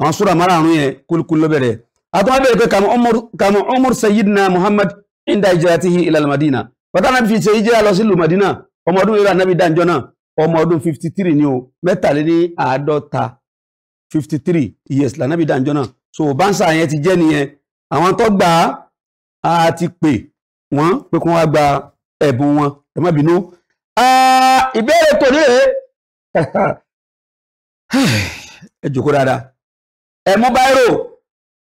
Speaker 1: àwọn súra márùn yẹn kúl kúl ló bẹ̀rẹ̀ àtọ́bẹ̀rẹ̀ pé kàmù umar sayyidina muhammad inda hijratihi ila al-madina bàtà náà fi ṣe hijira lọ sílùú madina ọmọ ọdún ìlú ànábì dáńjọ́ náà ọmọ ọdún 53 ni o mẹ́tàléní àádọ́ta 53 years lànábì dáńjọ́ náà so bánsà yẹn ti jẹ́ nìyẹn àwọn tó gbà á ti pè wọ́n pé kí wọ́n wá gba ẹ̀bùn wọn ẹ má bínú. ìbéèrè tó ní rèé ẹ jòkó dáadáa ẹ mú báírò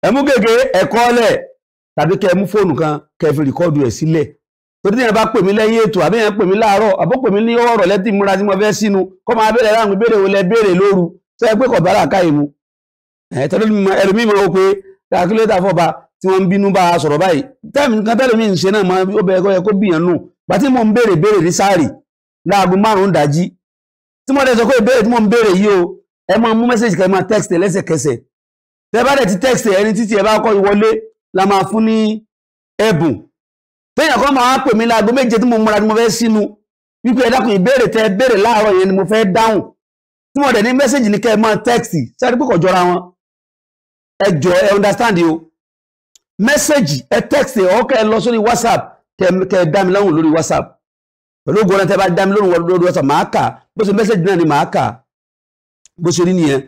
Speaker 1: ẹ mú gègé ẹ̀kọ́ ọ̀lẹ̀ tàbí kẹ́ ẹ mú fóònù kan kẹ́ ẹ fi rìkọ́ọ̀dù ẹ̀ sílẹ̀ torí tíyẹn bá pè mí lẹ́yìn ètò àbí yẹn pè mí láàárọ̀ àbó pè mí ní ọ̀rọ̀ lẹ́tí múra tí mo fẹ́ sínú kọ́ máa bẹ̀rẹ̀ láwọn ìbéèrè wo lẹ béèrè lóru tẹ́ pé kọ̀ bára káyìí mu ẹ̀rùmí mọ̀ ó pé kàkúlẹ́tà fọba tí wọ́n ń bínú bá sọ̀rọ̀ báyìí tẹ́ẹ̀mì kan tẹ́lẹ̀ mi ń ṣe náà ó bẹ̀rẹ̀ kọ́ yẹ kó bìyàn nù bá tí mo ń béèrè béèrè ní sáàrì láago márùn-ún dájí tí mo dẹ̀ sọ pé ìbéèrè tí mo ń béèrè yìí o ẹ máa mú mẹ́sẹ̀jì kan máa text lẹ́sẹ̀kẹsẹ̀ tẹ bá dẹ̀ ti text ẹni títí ẹ bá kọ́ ìwọlé la máa fún ní ẹ̀bùn téèyàn kan máa pè mí láago méje tí mo múra ni mo fẹ́ sínú wípé ẹ dákun ìbéèrè tẹ béèrè láàárọ̀ yẹn ni mo fẹ́ dáhùn tí mo dẹ̀ ní mẹ́sẹ̀jì ní kẹ́ ẹ máa text sẹ́ni pé kò jọra wọn ẹ jọ ẹ understand o mẹ́sẹ̀jì ẹ text ẹ ẹ lọ sórí WhatsApp kẹ́ ẹ dá mi lóhùn lórí WhatsApp pẹ̀lú ògùn ọ̀nà tẹ́ bá WhatsApp màá kà bó ṣe ni màá kà bó ṣe rí nìyẹn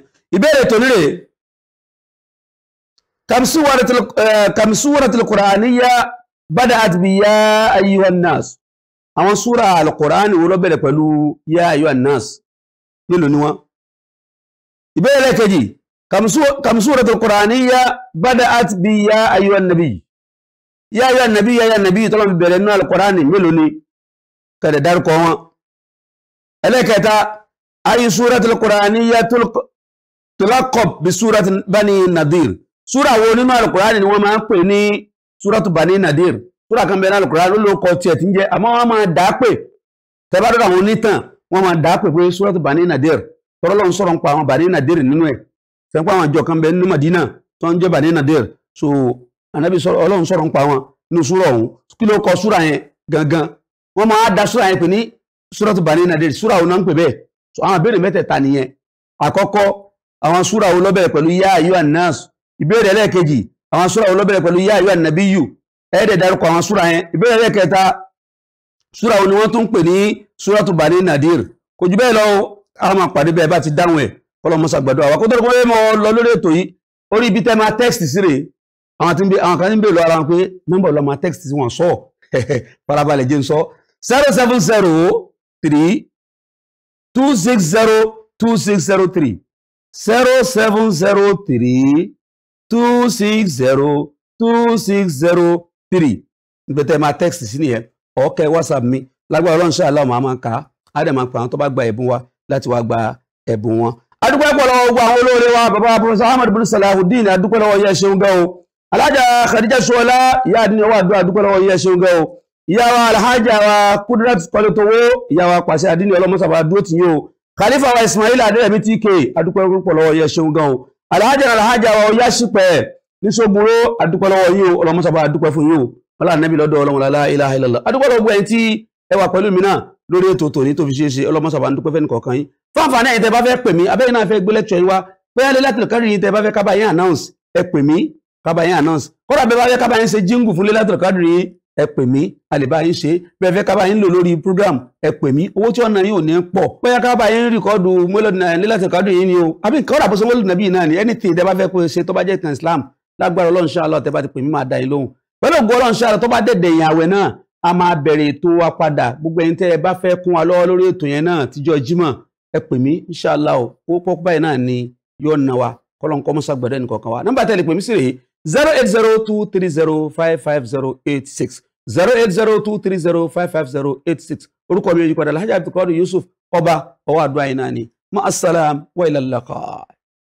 Speaker 1: kam súratul kùránìyà bada àtìbí yá ayyuhan nas àwọn súra alkùránì wọ́n ló bẹ̀rẹ̀ pẹ̀lú yá ayyuhan nas nílò níwọ́n ìbéèrè kejì kam súratul kùránìyà bada àtìbí yá ayyuhan nabi yá ayyuhan nabi yá ayyuhan nabi tọ́lọ̀ bẹ̀rẹ̀ nínú alkùránì mélòó ni kẹ̀dẹ̀ dárúkọ wọn ẹlẹ́kẹta ayi súratul kùránìyà tulakọb bí súratul bani nadir sura wo nínú alukurani ni wọ́n máa ń pè ní súràtù Bani Nadir súrà kan bẹ̀rẹ̀ alukurani ló kọ tiẹ̀ tí ń jẹ́ àmọ́ wọ́n máa dà á pè tẹ́bádọ́dọ̀ àwọn onítàn wọ́n máa dà á pè pé Bani Nadir sọ̀rọ̀ ń pa àwọn Bani Nadir nínú ẹ̀ àwọn àjọ kan bẹ ní Madina tó ń jẹ́ Bani Nadir so anabi ọlọ́run sọ̀rọ̀ ń pa wọn nínú pè ìbéèrè ẹlẹ́ẹ̀kejì àwọn súra olóbẹ̀rẹ̀ pẹ̀lú yá àyọ́ ànàbí yù ẹ̀ẹ́dẹ̀ dárúkọ àwọn súra yẹn ìbéèrè ẹlẹ́ẹ̀kẹta súra òní wọ́n tún pè ní súra tó bà ní nadir kò jù bẹ́ẹ̀ lọ a máa pàdé bẹ́ẹ̀ bá ti dáhùn ẹ̀ kọ́lọ́ mọ́sá gbàdọ́ àwọn kótó kọ́ mọ́ lọ lórí ètò yìí orí ibi tẹ́ máa text sí rè àwọn kan ń bèèrè ara pé nọ́mbà lọ máa text sí wọn sọ farabalẹ̀ jẹ́ ń sọ zero seven zero three two six zero two six zero three zero seven zero three two six zero two six zero three ìgbẹ́tẹ̀ máa text sí nìyẹn ọ̀kẹ́ whatsapp mi lágbára ọlọ́run ṣáàlá ọ̀ma máa ń ka á dẹ̀ máa ń pa àwọn tó bá gba ẹ̀bùn wa láti wá gba ẹ̀bùn wọn. adúpẹ́ pọ̀ lọ́wọ́ gbogbo àwọn olóore wa bàbá abúlọ́sọ ahmed bin salahudeen adúpẹ́ lọ́wọ́ yẹ ṣeun gẹ́ o alájà khadija ṣọlá ìyá àdínní ọwọ́ àdúrà adúpẹ́ lọ́wọ́ yẹ ṣeun gẹ́ o ìyá wa alhaja wa kudrat kọlẹtọwọ ìyá wa pàṣẹ àdínní ọlọmọsàbà dúró tì o khalifa wa ismail adẹrẹmí tk adúpẹ́ pọ̀ lọ́wọ́ yẹ ṣeun gẹ́ o alhaji alhaji àwọn ọyá sípẹ̀ ní sógunró adúpẹ́ lọ́wọ́ yìí ọlọ́mọ́sàbá adúpẹ́ fún yìí ọlá nẹ́bí lọ́dọ̀ ọlọ́run la ilaha illallah adúpẹ́ lọ́gbọ́ ẹni tí ẹ wà pẹ̀lú mi náà lórí ètò tòní tó fi ṣe é ṣe ọlọ́mọ́sàbá adúpẹ́ fẹ́ nìkọ̀ọ̀kan yín fáfàánà ẹ̀yin tẹ́ bá fẹ́ pè mí abẹ́yìn náà fẹ́ gbé lẹ́kṣọ̀ yín wá bóyá lé látìlù kárì yín tẹ́ bá fẹ́ kábà yín announce ẹ pè mí kábà yín announce kódà bẹ́ẹ̀ bá fẹ́ kábà yín ṣe jíngù fún lé látìlù kárì yín ẹ pè mí a lè bá yín ṣe bẹ́ẹ̀ fẹ́ yín lò lórí program ẹ pè mí owó tí ọ̀nà yín ò ní pọ̀ bóyá ká yín rìkọ́dù mélòdì náà nílẹ̀ tẹ̀kọ́dù yín ni o àbí nǹkan ọ̀dà bó ṣe mélòdì náà bíi náà ni anything tẹ́ bá fẹ́ kó ṣe tó bá jẹ́ ìtàn Islam lágbára Ọlọ́run ṣáà lọ́ọ̀ tẹ́ bá ti pè mí máa dá yín lóhùn pẹ̀lú ògo Ọlọ́run ṣáà tó bá dẹ̀dẹ̀ yìn àwẹ̀ náà a máa bẹ̀rẹ̀ ètò wa padà gbogbo ẹni tẹ́ ẹ bá fẹ́ ni yóò na wa kọ́lọ́n zero eight zero two three zero five five zero eight six zero eight zero two three zero five five zero eight six orúkọ mi yóò yí padà alhaji abdulkadir yusuf ọba ọwọ́ àdúrà náà ni ma wa ilà